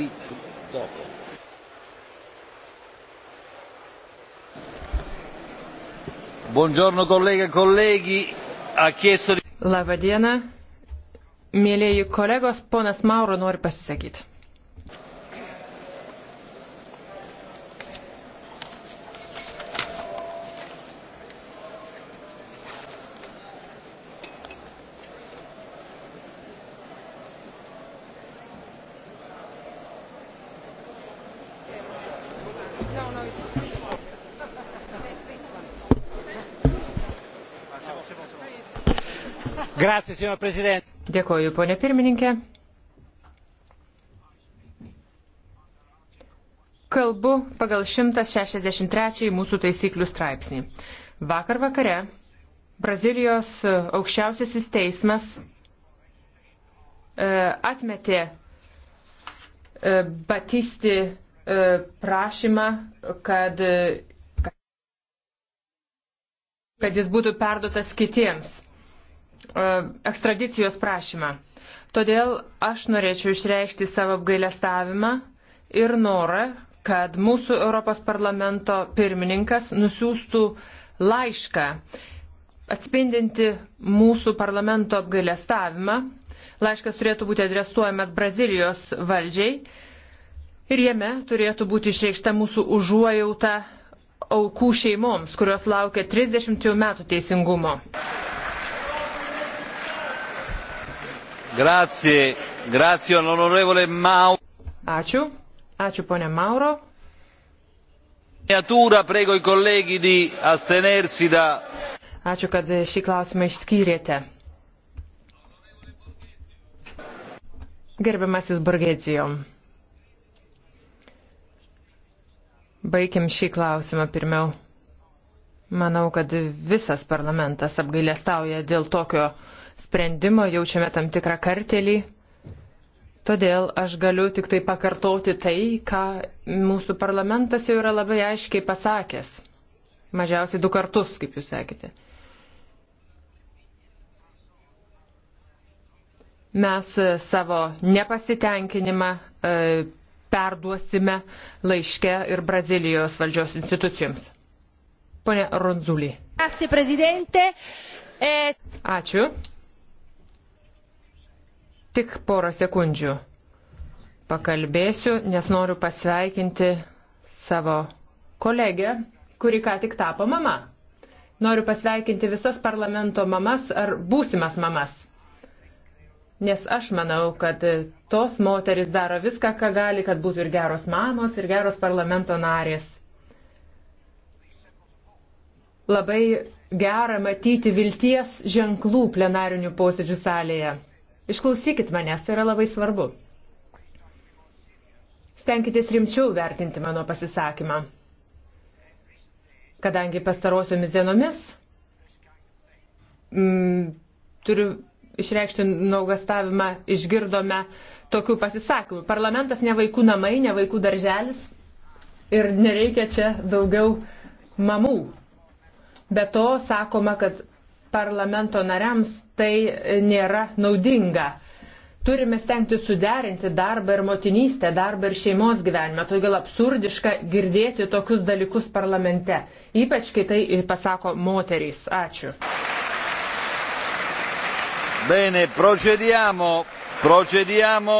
Ri, dopo. Buongiorno colleghe e colleghi, ha chiesto di... Labą dieną, mėlėjai kolegos, ponas Mauro nori pasisakyti. No, no, it's this one. this one. Grazie, signor Presidente. Dėkoju, ponė pirmininkė. Kalbu pagal 163 mūsų taisyklių straipsnį. Vakar vakare Brazilijos aukščiausiasis teismas e, atmetė e, Batisti E, prašymą, kad, kad jis būtų perduotas kitiems e, ekstradicijos prašymą. Todėl aš norėčiau išreikšti savo apgailestavimą ir norą, kad mūsų Europos parlamento pirmininkas nusiųstų laišką atspindinti mūsų parlamento apgailestavimą. Laiškas turėtų būti adresuojamas Brazilijos valdžiai ir jame turėtų būti išreikšta mūsų užuojauta aukų šeimoms, kurios laukia 30 metų teisingumo. Grazie, grazie onorevole Mau. Ačiū, ačiū ponė Mauro. Prego i colleghi di astenersi da. Ačiū, kad šį klausimą išskyrėte. Gerbiamasis Borgėcijom. Baigiam šį klausimą pirmiau. Manau, kad visas parlamentas apgailėstauja dėl tokio sprendimo, jaučiame tam tikrą kartelį. Todėl aš galiu tik tai pakartoti tai, ką mūsų parlamentas jau yra labai aiškiai pasakęs. Mažiausiai du kartus, kaip jūs sakėte. Mes savo nepasitenkinimą e, perduosime laiške ir Brazilijos valdžios institucijoms. Pone Ronzulį. E- Ačiū. Tik porą sekundžių pakalbėsiu, nes noriu pasveikinti savo kolegę, kuri ką tik tapo mama. Noriu pasveikinti visas parlamento mamas ar būsimas mamas. Nes aš manau, kad tos moteris daro viską, ką gali, kad būtų ir geros mamos, ir geros parlamento narės. Labai gera matyti vilties ženklų plenarinių posėdžių salėje. Išklausykit manęs, tai yra labai svarbu. Stenkitės rimčiau vertinti mano pasisakymą. Kadangi pastarosiomis dienomis mm, turiu išreikšti nuogastavimą išgirdome tokių pasisakymų. Parlamentas ne vaikų namai, ne vaikų darželis ir nereikia čia daugiau mamų. Be to sakoma, kad parlamento nariams tai nėra naudinga. Turime stengti suderinti darbą ir motinystę, darbą ir šeimos gyvenimą. Todėl absurdiška girdėti tokius dalykus parlamente. Ypač, kai tai pasako moterys. Ačiū. Bene, procediamo, procediamo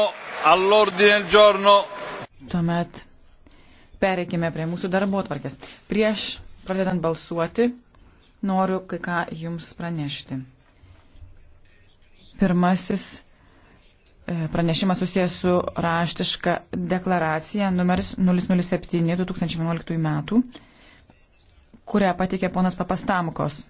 all'ordine del giorno. Tuomet pereikime prie mūsų darbo atvarkės. Prieš pradedant balsuoti, noriu kai ką Jums pranešti. Pirmasis e, pranešimas susijęs su raštiška deklaracija numeris 007 2011 metų, kurią pateikė ponas Papastamkos.